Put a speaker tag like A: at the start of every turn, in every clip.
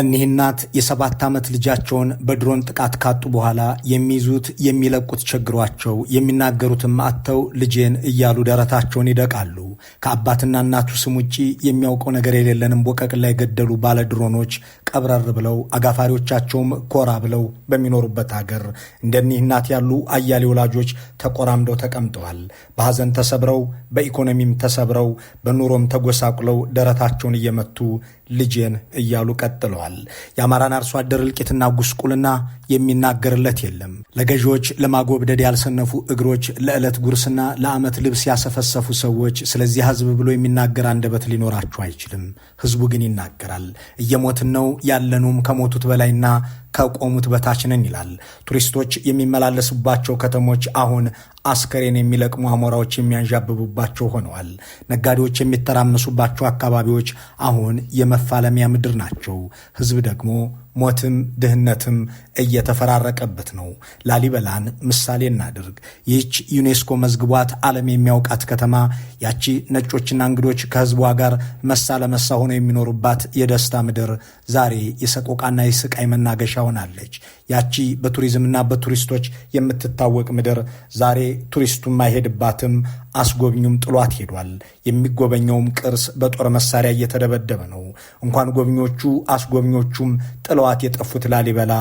A: እኒህ እናት የሰባት ዓመት ልጃቸውን በድሮን ጥቃት ካጡ በኋላ የሚይዙት የሚለቁት ቸግሯቸው የሚናገሩትም አጥተው ልጄን እያሉ ደረታቸውን ይደቃሉ። ከአባትና እናቱ ስም ውጪ የሚያውቀው ነገር የሌለንም ላይ የገደሉ ባለ ድሮኖች ቀብረር ብለው አጋፋሪዎቻቸውም ኮራ ብለው በሚኖሩበት አገር እንደኒህ እናት ያሉ አያሌ ወላጆች ተቆራምደው ተቀምጠዋል። በሐዘን ተሰብረው፣ በኢኮኖሚም ተሰብረው፣ በኑሮም ተጎሳቁለው ደረታቸውን እየመቱ ልጄን እያሉ ቀጥለዋል። የአማራን አርሶ አደር እልቂትና ጉስቁልና የሚናገርለት የለም። ለገዢዎች ለማጎብደድ ያልሰነፉ እግሮች፣ ለዕለት ጉርስና ለዓመት ልብስ ያሰፈሰፉ ሰዎች ስለዚህ ሕዝብ ብሎ የሚናገር አንደበት ሊኖራቸው አይችልም። ሕዝቡ ግን ይናገራል። እየሞትን ነው ያለኑም ከሞቱት በላይና ከቆሙት በታች ነን ይላል። ቱሪስቶች የሚመላለሱባቸው ከተሞች አሁን አስከሬን የሚለቅሙ አሞራዎች የሚያንዣብቡባቸው ሆነዋል። ነጋዴዎች የሚተራመሱባቸው አካባቢዎች አሁን የመፋለሚያ ምድር ናቸው። ህዝብ ደግሞ ሞትም ድህነትም እየተፈራረቀበት ነው። ላሊበላን ምሳሌ እናድርግ። ይህች ዩኔስኮ መዝግቧት ዓለም የሚያውቃት ከተማ፣ ያቺ ነጮችና እንግዶች ከህዝቧ ጋር መሳ ለመሳ ሆነው የሚኖሩባት የደስታ ምድር ዛሬ የሰቆቃና የስቃይ መናገሻ ሆናለች። ያቺ በቱሪዝምና በቱሪስቶች የምትታወቅ ምድር ዛሬ ቱሪስቱም አይሄድባትም፣ አስጎብኙም ጥሏት ሄዷል። የሚጎበኘውም ቅርስ በጦር መሳሪያ እየተደበደበ ነው። እንኳን ጎብኞቹ አስጎብኞቹም ጥለዋት የጠፉት ላሊበላ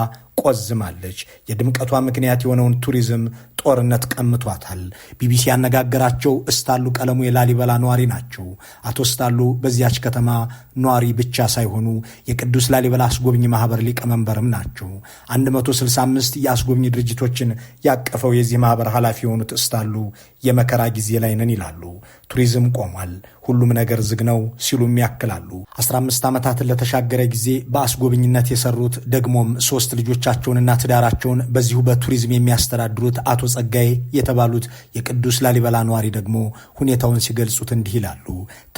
A: ቆዝማለች። የድምቀቷ ምክንያት የሆነውን ቱሪዝም ጦርነት ቀምቷታል። ቢቢሲ ያነጋገራቸው እስታሉ ቀለሙ የላሊበላ ነዋሪ ናቸው። አቶ እስታሉ በዚያች ከተማ ነዋሪ ብቻ ሳይሆኑ የቅዱስ ላሊበላ አስጎብኝ ማህበር ሊቀመንበርም ናቸው። 165 የአስጎብኝ ድርጅቶችን ያቀፈው የዚህ ማህበር ኃላፊ የሆኑት እስታሉ የመከራ ጊዜ ላይ ነን ይላሉ። ቱሪዝም ቆሟል፣ ሁሉም ነገር ዝግ ነው ሲሉም ያክላሉ። 15 ዓመታትን ለተሻገረ ጊዜ በአስጎብኝነት የሰሩት ደግሞም ሶስት ልጆቻቸውንና ትዳራቸውን በዚሁ በቱሪዝም የሚያስተዳድሩት አቶ ጸጋይ የተባሉት የቅዱስ ላሊበላ ነዋሪ ደግሞ ሁኔታውን ሲገልጹት እንዲህ ይላሉ።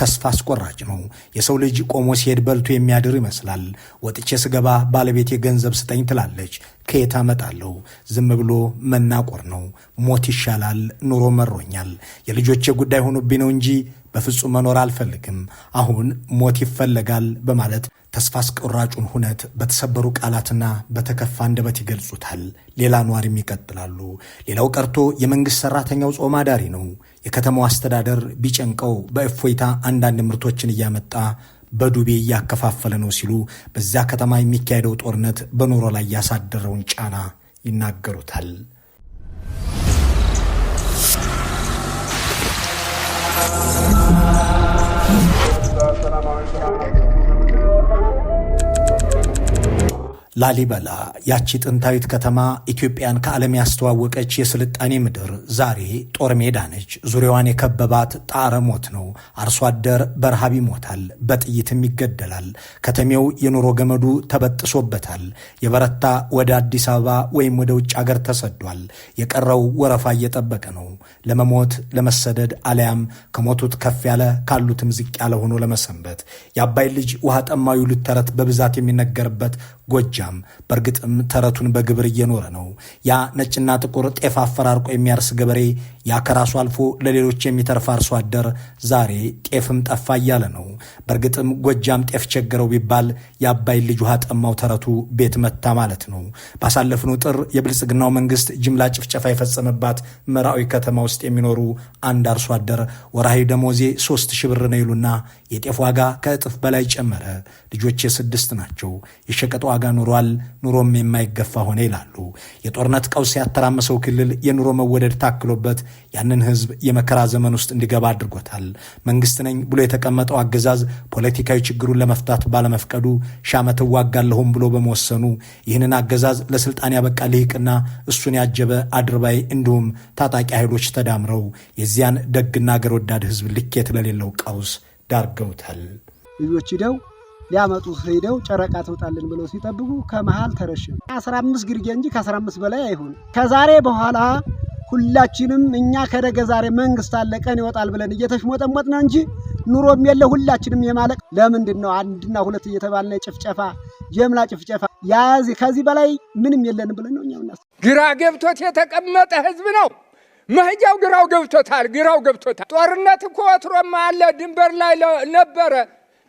A: ተስፋ አስቆራጭ ነው። የሰው ልጅ ቆሞ ሲሄድ በልቶ የሚያድር ይመስላል። ወጥቼ ስገባ ባለቤቴ ገንዘብ ስጠኝ ትላለች ከየት አመጣለሁ? ዝም ብሎ መናቆር ነው። ሞት ይሻላል፣ ኑሮ መሮኛል፣ የልጆቼ ጉዳይ ሆኖብኝ ነው እንጂ በፍጹም መኖር አልፈልግም። አሁን ሞት ይፈለጋል በማለት ተስፋ አስቆራጩን ሁነት በተሰበሩ ቃላትና በተከፋ አንደበት ይገልጹታል። ሌላ ኗሪም ይቀጥላሉ። ሌላው ቀርቶ የመንግሥት ሠራተኛው ጾም አዳሪ ነው። የከተማው አስተዳደር ቢጨንቀው በእፎይታ አንዳንድ ምርቶችን እያመጣ በዱቤ እያከፋፈለ ነው ሲሉ በዚያ ከተማ የሚካሄደው ጦርነት በኖሮ ላይ ያሳደረውን ጫና ይናገሩታል። ሰላማዊ ላሊበላ ያቺ ጥንታዊት ከተማ ኢትዮጵያን ከዓለም ያስተዋወቀች የስልጣኔ ምድር ዛሬ ጦር ሜዳ ነች። ዙሪያዋን የከበባት ጣረ ሞት ነው። አርሶ አደር በረሃብ ይሞታል፣ በጥይትም ይገደላል። ከተሜው የኑሮ ገመዱ ተበጥሶበታል። የበረታ ወደ አዲስ አበባ ወይም ወደ ውጭ አገር ተሰዷል። የቀረው ወረፋ እየጠበቀ ነው። ለመሞት ለመሰደድ፣ አለያም ከሞቱት ከፍ ያለ ካሉትም ዝቅ ያለ ሆኖ ለመሰንበት የአባይ ልጅ ውሃ ጠማዩ ልተረት በብዛት የሚነገርበት ጎጃ አይሰራም። በእርግጥም ተረቱን በግብር እየኖረ ነው። ያ ነጭና ጥቁር ጤፍ አፈራርቆ የሚያርስ ገበሬ ያ ከራሱ አልፎ ለሌሎች የሚተርፍ አርሶ አደር ዛሬ ጤፍም ጠፋ እያለ ነው። በእርግጥም ጎጃም ጤፍ ቸገረው ቢባል የአባይን ልጅ ውሃ ጠማው ተረቱ ቤት መታ ማለት ነው። ባሳለፍነው ጥር የብልጽግናው መንግስት ጅምላ ጭፍጨፋ የፈጸመባት ምዕራዊ ከተማ ውስጥ የሚኖሩ አንድ አርሶ አደር ወርሃዊ ደሞዜ ሶስት ሺህ ብር ነው ይሉና የጤፍ ዋጋ ከእጥፍ በላይ ጨመረ። ልጆቼ ስድስት ናቸው። የሸቀጥ ዋጋ ኑሯል ሆኗል፣ ኑሮም የማይገፋ ሆነ ይላሉ። የጦርነት ቀውስ ያተራመሰው ክልል የኑሮ መወደድ ታክሎበት ያንን ህዝብ የመከራ ዘመን ውስጥ እንዲገባ አድርጎታል። መንግስት ነኝ ብሎ የተቀመጠው አገዛዝ ፖለቲካዊ ችግሩን ለመፍታት ባለመፍቀዱ ሻመት እዋጋለሁም ብሎ በመወሰኑ ይህንን አገዛዝ ለስልጣን ያበቃ ልሂቅና እሱን ያጀበ አድርባይ እንዲሁም ታጣቂ ኃይሎች ተዳምረው የዚያን ደግና አገር ወዳድ ህዝብ ልኬት ለሌለው ቀውስ ዳርገውታል።
B: ልጆች ሂደው ሊያመጡ ሄደው ጨረቃ ትውጣልን ብለው ሲጠብቁ ከመሃል ተረሸ። አስራ አምስት ግርጌ እንጂ ከአስራ አምስት በላይ አይሆንም። ከዛሬ በኋላ ሁላችንም እኛ ከደገ ዛሬ መንግስት አለ ቀን ይወጣል ብለን እየተሽሞጠሞጥ ነው እንጂ ኑሮም የለ ሁላችንም የማለቅ ለምንድን ነው አንድና ሁለት እየተባለ ጭፍጨፋ፣ ጀምላ ጭፍጨፋ ያዝ ከዚህ በላይ ምንም የለን ብለን ነው እኛ
C: ግራ ገብቶት የተቀመጠ ህዝብ ነው። መህጃው ግራው ገብቶታል። ግራው ገብቶታል። ጦርነት እኮ ወትሮማ አለ ድንበር ላይ ነበረ።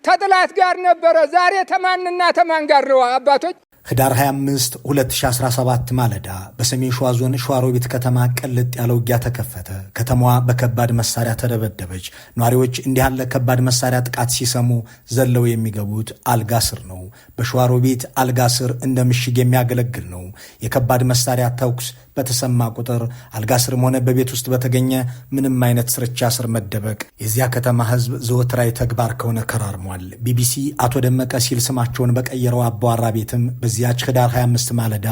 C: ተጥላት ጋር ነበረ። ዛሬ ተማንና ተማን ጋር ነው አባቶች።
A: ህዳር 25 2017 ማለዳ በሰሜን ሸዋ ዞን ሸዋሮቢት ከተማ ቀልጥ ያለ ውጊያ ተከፈተ። ከተማዋ በከባድ መሳሪያ ተደበደበች። ነዋሪዎች እንዲህ ያለ ከባድ መሳሪያ ጥቃት ሲሰሙ ዘለው የሚገቡት አልጋ ስር ነው። በሸዋሮቢት አልጋ ስር እንደ ምሽግ የሚያገለግል ነው። የከባድ መሳሪያ ተኩስ በተሰማ ቁጥር አልጋ ስርም ሆነ በቤት ውስጥ በተገኘ ምንም አይነት ስርቻ ስር መደበቅ የዚያ ከተማ ህዝብ ዘወትራዊ ተግባር ከሆነ ከራርሟል። ቢቢሲ አቶ ደመቀ ሲል ስማቸውን በቀየረው አባዋራ ቤትም በዚያች ህዳር 25 ማለዳ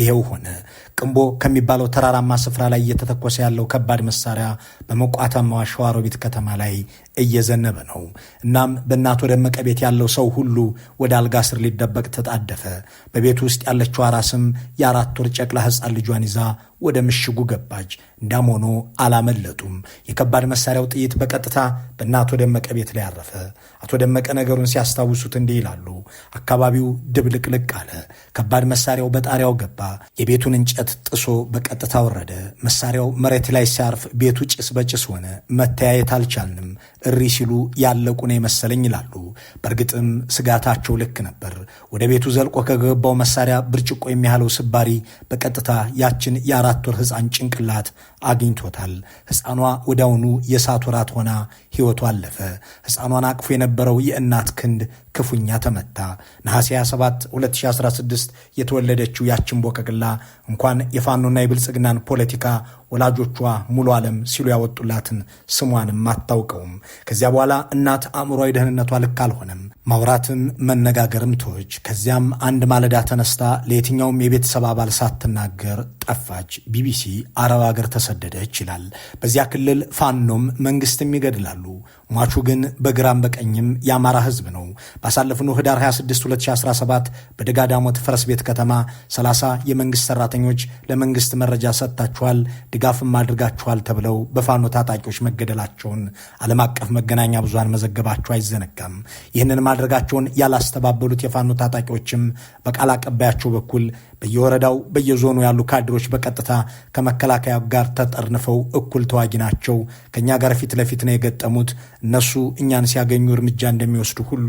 A: ይሄው ሆነ። ቅንቦ ከሚባለው ተራራማ ስፍራ ላይ እየተተኮሰ ያለው ከባድ መሳሪያ በሞቃታማዋ ሸዋሮቢት ከተማ ላይ እየዘነበ ነው። እናም በእናቶ ደመቀ ቤት ያለው ሰው ሁሉ ወደ አልጋ ስር ሊደበቅ ተጣደፈ። በቤቱ ውስጥ ያለችው አራስም የአራት ወር ጨቅላ ሕፃን ልጇን ይዛ ወደ ምሽጉ ገባች። እንዳም ሆኖ አላመለጡም። የከባድ መሳሪያው ጥይት በቀጥታ በእናቶ ደመቀ ቤት ላይ አረፈ። አቶ ደመቀ ነገሩን ሲያስታውሱት እንዲህ ይላሉ። አካባቢው ድብልቅልቅ አለ። ከባድ መሳሪያው በጣሪያው ገባ። የቤቱን እንጨት ጥሶ በቀጥታ ወረደ። መሳሪያው መሬት ላይ ሲያርፍ ቤቱ ጭስ በጭስ ሆነ። መተያየት አልቻልንም። እሪ ሲሉ ያለቁ ነው የመሰለኝ ይላሉ። በእርግጥም ስጋታቸው ልክ ነበር። ወደ ቤቱ ዘልቆ ከገባው መሳሪያ ብርጭቆ የሚያህለው ስባሪ በቀጥታ ያችን የአራት ወር ሕፃን ጭንቅላት አግኝቶታል። ሕፃኗ ወዲያውኑ የእሳት ወራት ሆና ሕይወቷ አለፈ። ሕፃኗን አቅፎ የነበረው የእናት ክንድ ክፉኛ ተመታ። ነሐሴ 27 2016 የተወለደችው ያችን ቦቀቅላ እንኳን የፋኖና የብልጽግናን ፖለቲካ ወላጆቿ ሙሉ ዓለም ሲሉ ያወጡላትን ስሟንም አታውቀውም። ከዚያ በኋላ እናት አእምሯዊ ደህንነቷ ልክ አልሆነም። ማውራትም መነጋገርም ትች። ከዚያም አንድ ማለዳ ተነስታ ለየትኛውም የቤተሰብ አባል ሳትናገር ጠፋች፣ ቢቢሲ አረብ አገር ተሰደደች ይላል። በዚያ ክልል ፋኖም መንግስትም ይገድላሉ። ሟቹ ግን በግራም በቀኝም የአማራ ህዝብ ነው። ባሳለፍነው ህዳር 26 2017 በደጋዳሞት ፈረስ ቤት ከተማ 30 የመንግስት ሰራተኞች ለመንግስት መረጃ ሰጥታችኋል፣ ድጋፍም አድርጋችኋል ተብለው በፋኖ ታጣቂዎች መገደላቸውን ዓለም አቀፍ መገናኛ ብዙሃን መዘገባቸው አይዘነጋም። ይህንን ማድረጋቸውን ያላስተባበሉት የፋኖ ታጣቂዎችም በቃል አቀባያቸው በኩል በየወረዳው በየዞኑ ያሉ ካድሮች በቀጥታ ከመከላከያ ጋር ተጠርንፈው እኩል ተዋጊ ናቸው፣ ከእኛ ጋር ፊት ለፊት ነው የገጠሙት። እነሱ እኛን ሲያገኙ እርምጃ እንደሚወስዱ ሁሉ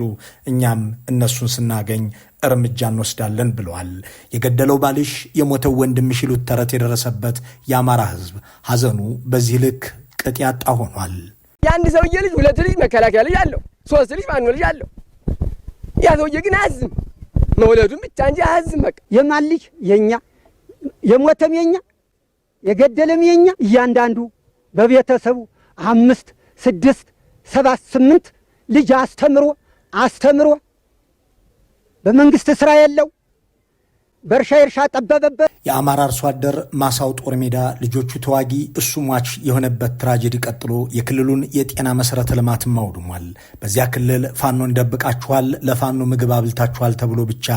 A: እኛም እነሱን ስናገኝ እርምጃ እንወስዳለን ብለዋል። የገደለው ባልሽ የሞተው ወንድ ይሉት ተረት የደረሰበት የአማራ ሕዝብ ሐዘኑ በዚህ ልክ ቅጥ ያጣ ሆኗል።
C: የአንድ ሰውዬ ልጅ ሁለት ልጅ መከላከያ ልጅ አለው፣ ሶስት ልጅ ማኖ ልጅ አለው። ያ ሰውዬ ግን አያዝም። መውለዱን ብቻ እንጂ አያዝም። በቃ
B: የማን ልጅ የኛ የሞተም የኛ የገደለም የኛ እያንዳንዱ በቤተሰቡ አምስት ስድስት ሰባት ስምንት ልጅ አስተምሮ አስተምሮ በመንግስት ስራ የለው በእርሻ እርሻ ጠበበበት።
A: የአማራ አርሶ አደር ማሳው ጦር ሜዳ፣ ልጆቹ ተዋጊ፣ እሱ ሟች የሆነበት ትራጀዲ ቀጥሎ የክልሉን የጤና መሰረተ ልማትም አውድሟል። በዚያ ክልል ፋኖ እንደብቃችኋል፣ ለፋኖ ምግብ አብልታችኋል ተብሎ ብቻ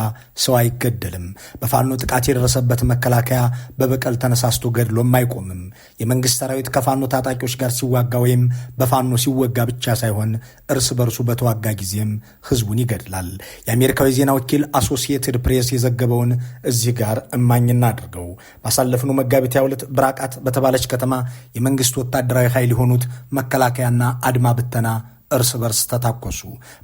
A: ሰው አይገደልም። በፋኖ ጥቃት የደረሰበት መከላከያ በበቀል ተነሳስቶ ገድሎም አይቆምም። የመንግስት ሰራዊት ከፋኖ ታጣቂዎች ጋር ሲዋጋ ወይም በፋኖ ሲወጋ ብቻ ሳይሆን እርስ በርሱ በተዋጋ ጊዜም ህዝቡን ይገድላል። የአሜሪካዊ ዜና ወኪል አሶሲየትድ ፕሬስ የዘገበውን እዚህ ጋር እማኝና አድርገው ባሳለፍነው መጋቢት ያውለት ብራቃት በተባለች ከተማ የመንግስት ወታደራዊ ኃይል የሆኑት መከላከያና አድማ ብተና እርስ በርስ ተታኮሱ።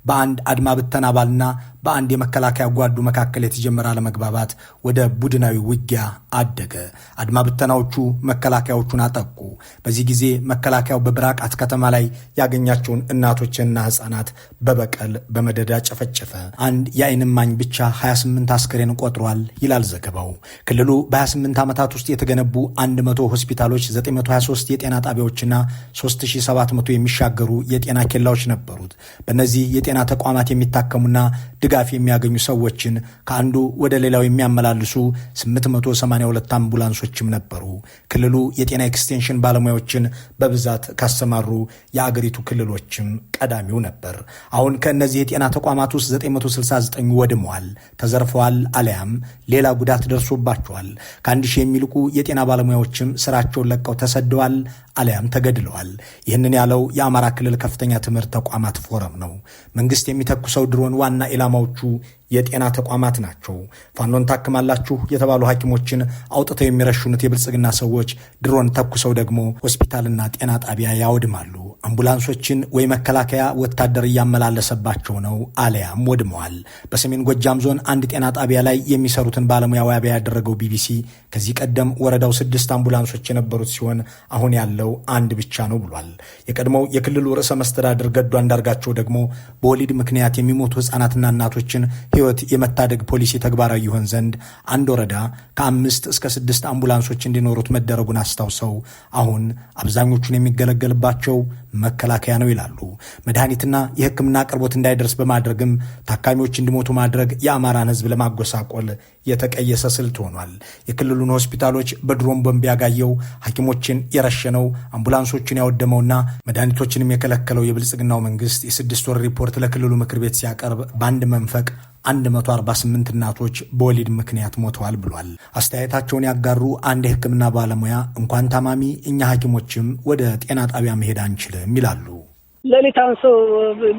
A: በአንድ አድማ ብተን አባልና በአንድ የመከላከያ ጓዱ መካከል የተጀመረ አለመግባባት ወደ ቡድናዊ ውጊያ አደገ። አድማ ብተናዎቹ መከላከያዎቹን አጠቁ። በዚህ ጊዜ መከላከያው በብራቃት ከተማ ላይ ያገኛቸውን እናቶችና ሕፃናት በበቀል በመደዳ ጨፈጨፈ። አንድ የአይን እማኝ ብቻ 28 አስክሬን ቆጥሯል ይላል ዘገባው። ክልሉ በ28 ዓመታት ውስጥ የተገነቡ 100 ሆስፒታሎች፣ 923 የጤና ጣቢያዎችና 3700 የሚሻገሩ የጤና ኬላዎች መቀመጫዎች ነበሩት። በእነዚህ የጤና ተቋማት የሚታከሙና ድጋፍ የሚያገኙ ሰዎችን ከአንዱ ወደ ሌላው የሚያመላልሱ 882 አምቡላንሶችም ነበሩ። ክልሉ የጤና ኤክስቴንሽን ባለሙያዎችን በብዛት ካሰማሩ የአገሪቱ ክልሎችም ቀዳሚው ነበር። አሁን ከእነዚህ የጤና ተቋማት ውስጥ 969 ወድመዋል፣ ተዘርፈዋል፣ አሊያም ሌላ ጉዳት ደርሶባቸዋል። ከአንድ ሺህ የሚልቁ የጤና ባለሙያዎችም ስራቸውን ለቀው ተሰደዋል አሊያም ተገድለዋል። ይህንን ያለው የአማራ ክልል ከፍተኛ ትምህርት ተቋማት ፎረም ነው። መንግስት የሚተኩሰው ድሮን ዋና ኢላማዎቹ የጤና ተቋማት ናቸው። ፋኖን ታክማላችሁ የተባሉ ሐኪሞችን አውጥተው የሚረሹኑት የብልጽግና ሰዎች ድሮን ተኩሰው ደግሞ ሆስፒታልና ጤና ጣቢያ ያወድማሉ። አምቡላንሶችን ወይ መከላከያ ወታደር እያመላለሰባቸው ነው፣ አለያም ወድመዋል። በሰሜን ጎጃም ዞን አንድ ጤና ጣቢያ ላይ የሚሰሩትን ባለሙያ ዋቢ ያደረገው ቢቢሲ ከዚህ ቀደም ወረዳው ስድስት አምቡላንሶች የነበሩት ሲሆን አሁን ያለው አንድ ብቻ ነው ብሏል። የቀድሞው የክልሉ ርዕሰ መስተዳድር ገዱ አንዳርጋቸው ደግሞ በወሊድ ምክንያት የሚሞቱ ህጻናትና እናቶችን ሕይወት የመታደግ ፖሊሲ ተግባራዊ ይሆን ዘንድ አንድ ወረዳ ከአምስት እስከ ስድስት አምቡላንሶች እንዲኖሩት መደረጉን አስታውሰው አሁን አብዛኞቹን የሚገለገልባቸው መከላከያ ነው ይላሉ። መድኃኒትና የሕክምና አቅርቦት እንዳይደርስ በማድረግም ታካሚዎች እንዲሞቱ ማድረግ የአማራን ሕዝብ ለማጎሳቆል የተቀየሰ ስልት ሆኗል። የክልሉን ሆስፒታሎች በድሮን ቦምብ ያጋየው፣ ሐኪሞችን የረሸነው፣ አምቡላንሶችን ያወደመውና መድኃኒቶችንም የከለከለው የብልጽግናው መንግስት የስድስት ወር ሪፖርት ለክልሉ ምክር ቤት ሲያቀርብ በአንድ መንፈቅ 148 እናቶች በወሊድ ምክንያት ሞተዋል ብሏል። አስተያየታቸውን ያጋሩ አንድ የሕክምና ባለሙያ እንኳን ታማሚ እኛ ሐኪሞችም ወደ ጤና ጣቢያ መሄድ አንችልም ይላሉ።
B: ሌሊት አንሶ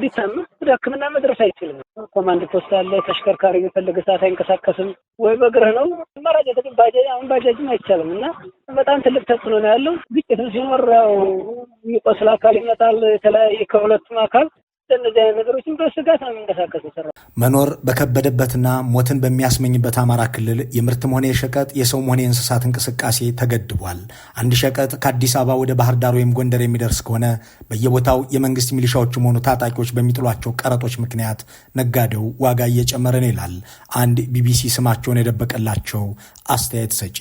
B: ቢታመም ወደ ህክምና መድረስ አይችልም። ኮማንድ ፖስት አለ። ተሽከርካሪ የሚፈልግ ሰዓት አይንቀሳቀስም። ወይ በእግርህ ነው አማራጭ የተግ ባጃጅ አሁን ባጃጅም አይቻልም እና በጣም ትልቅ ተጽዕኖ ነው ያለው። ግጭትም ሲኖር ያው የሚቆስል አካል ይመጣል። የተለያየ ከሁለቱም አካል
A: መኖር በከበደበትና ሞትን በሚያስመኝበት አማራ ክልል የምርትም ሆነ የሸቀጥ የሰውም ሆነ የእንስሳት እንቅስቃሴ ተገድቧል። አንድ ሸቀጥ ከአዲስ አበባ ወደ ባህር ዳር ወይም ጎንደር የሚደርስ ከሆነ በየቦታው የመንግስት ሚሊሻዎችም ሆኑ ታጣቂዎች በሚጥሏቸው ቀረጦች ምክንያት ነጋዴው ዋጋ እየጨመረ ነው ይላል አንድ ቢቢሲ ስማቸውን የደበቀላቸው አስተያየት ሰጪ።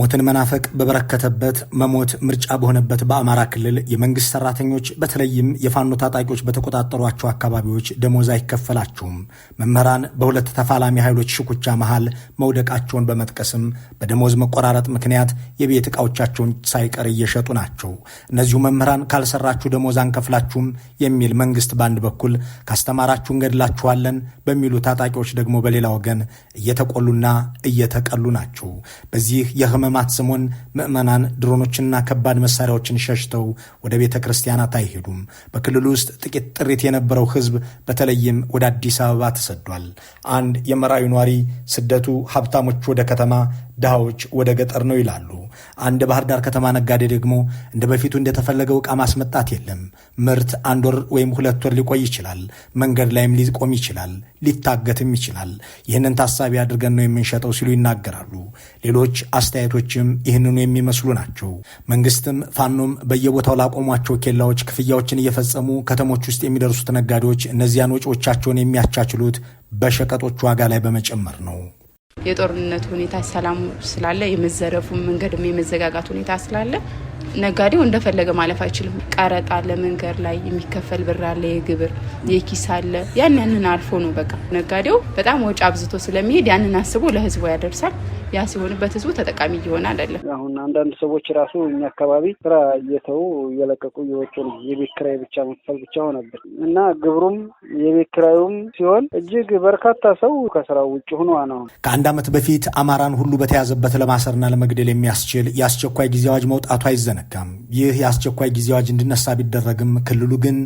A: ሞትን መናፈቅ በበረከተበት መሞት ምርጫ በሆነበት በአማራ ክልል የመንግስት ሰራተኞች በተለይም የፋኖ ታጣቂዎች በተቆጣጠሩ ባሏቸው አካባቢዎች ደሞዝ አይከፈላቸውም፣ መምህራን በሁለት ተፋላሚ ኃይሎች ሽኩቻ መሃል መውደቃቸውን በመጥቀስም በደሞዝ መቆራረጥ ምክንያት የቤት ዕቃዎቻቸውን ሳይቀር እየሸጡ ናቸው። እነዚሁ መምህራን ካልሰራችሁ ደሞዝ አንከፍላችሁም የሚል መንግስት በአንድ በኩል ካስተማራችሁ እንገድላችኋለን በሚሉ ታጣቂዎች ደግሞ በሌላ ወገን እየተቆሉና እየተቀሉ ናቸው። በዚህ የህመማት ሰሞን ምዕመናን ድሮኖችና ከባድ መሳሪያዎችን ሸሽተው ወደ ቤተ ክርስቲያናት አይሄዱም። በክልሉ ውስጥ ጥቂት ጥሪት የነበ የነበረው ህዝብ በተለይም ወደ አዲስ አበባ ተሰዷል። አንድ የመራዊ ኗሪ ስደቱ ሀብታሞች ወደ ከተማ ድሃዎች ወደ ገጠር ነው ይላሉ። አንድ ባህር ዳር ከተማ ነጋዴ ደግሞ እንደ በፊቱ እንደተፈለገው ዕቃ ማስመጣት የለም። ምርት አንድ ወር ወይም ሁለት ወር ሊቆይ ይችላል። መንገድ ላይም ሊቆም ይችላል፣ ሊታገትም ይችላል። ይህንን ታሳቢ አድርገን ነው የምንሸጠው ሲሉ ይናገራሉ። ሌሎች አስተያየቶችም ይህንኑ የሚመስሉ ናቸው። መንግስትም ፋኖም በየቦታው ላቆሟቸው ኬላዎች ክፍያዎችን እየፈጸሙ ከተሞች ውስጥ የሚደርሱት ነጋዴዎች እነዚያን ወጪዎቻቸውን የሚያቻችሉት በሸቀጦች ዋጋ ላይ በመጨመር ነው።
D: የጦርነት ሁኔታ ሰላም ስላለ የመዘረፉ መንገድም የመዘጋጋት ሁኔታ ስላለ ነጋዴው እንደፈለገ ማለፍ አይችልም። ቀረጥ አለ፣ መንገድ ላይ የሚከፈል ብር አለ፣ የግብር የኪስ አለ። ያን ያንን አልፎ ነው በቃ ነጋዴው በጣም ወጪ አብዝቶ ስለሚሄድ ያንን አስቦ ለህዝቡ ያደርሳል። ያ ሲሆንበት ህዝቡ ተጠቃሚ እየሆነ አይደለም።
E: አሁን አንዳንድ ሰዎች ራሱ እኛ አካባቢ ስራ እየተው እየለቀቁ እየወጡ ነው። የቤት ክራይ ብቻ መክፈል ብቻ ሆነብን እና ግብሩም የቤት ክራዩም ሲሆን እጅግ በርካታ ሰው ከስራው ውጭ ሆኖ ነው።
A: ከአንድ ዓመት በፊት አማራን ሁሉ በተያዘበት ለማሰርና ለመግደል የሚያስችል የአስቸኳይ ጊዜ አዋጅ መውጣቱ አይዘነጋም። ይህ የአስቸኳይ ጊዜ አዋጅ እንዲነሳ ቢደረግም ክልሉ ግን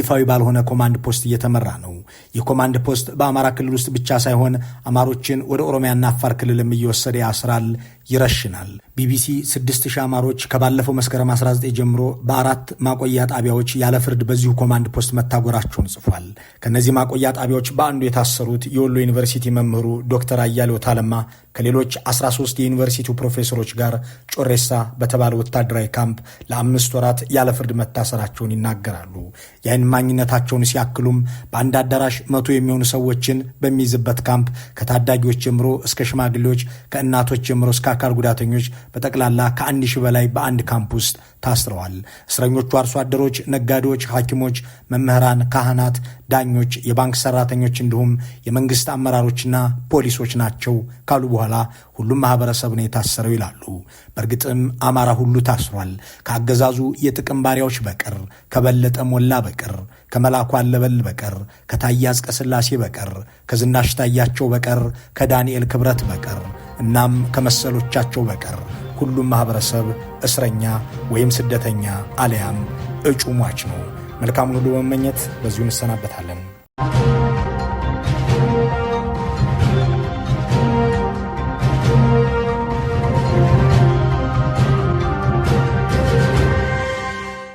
A: ይፋዊ ባልሆነ ኮማንድ ፖስት እየተመራ ነው። የኮማንድ ኮማንድ ፖስት በአማራ ክልል ውስጥ ብቻ ሳይሆን አማሮችን ወደ ኦሮሚያና አፋር ክልልም እየወሰደ እየወሰደ ያስራል፣ ይረሽናል። ቢቢሲ ስድስት አማሮች ከባለፈው መስከረም 19 ጀምሮ በአራት ማቆያ ጣቢያዎች ያለ ፍርድ በዚሁ ኮማንድ ፖስት መታጎራቸውን ጽፏል። ከእነዚህ ማቆያ ጣቢያዎች በአንዱ የታሰሩት የወሎ ዩኒቨርሲቲ መምህሩ ዶክተር አያሌው ታለማ ከሌሎች 13 የዩኒቨርሲቲው ፕሮፌሰሮች ጋር ጮሬሳ በተባለ ወታደራዊ ካምፕ ለአምስት ወራት ያለ ፍርድ መታሰራቸውን ይናገራሉ። የዓይን ማኝነታቸውን ሲያክሉም በአንድ አዳራሽ መቶ የሚሆኑ ሰዎችን በሚይዝበት ካምፕ ከታዳጊዎች ጀምሮ እስከ ሽማግሌዎች፣ ከእናቶች ጀምሮ እስከ አካል ጉዳተኞች በጠቅላላ ከአንድ ሺህ በላይ በአንድ ካምፕ ውስጥ ታስረዋል። እስረኞቹ አርሶ አደሮች፣ ነጋዴዎች፣ ሐኪሞች፣ መምህራን፣ ካህናት፣ ዳኞች፣ የባንክ ሰራተኞች እንዲሁም የመንግስት አመራሮችና ፖሊሶች ናቸው ካሉ በኋላ ሁሉም ማህበረሰብ ነው የታሰረው ይላሉ። በእርግጥም አማራ ሁሉ ታስሯል ከአገዛዙ የጥቅም ባሪያዎች በቀር ከበለጠ ሞላ በቀር ከመላኩ አለበል በቀር ከታዬ አጽቀሥላሴ በቀር ከዝናሽ ታያቸው በቀር ከዳንኤል ክብረት በቀር እናም ከመሰሎቻቸው በቀር ሁሉም ማህበረሰብ እስረኛ ወይም ስደተኛ አሊያም እጩ ሟች ነው። መልካሙን ሁሉ በመመኘት በዚሁ እንሰናበታለን።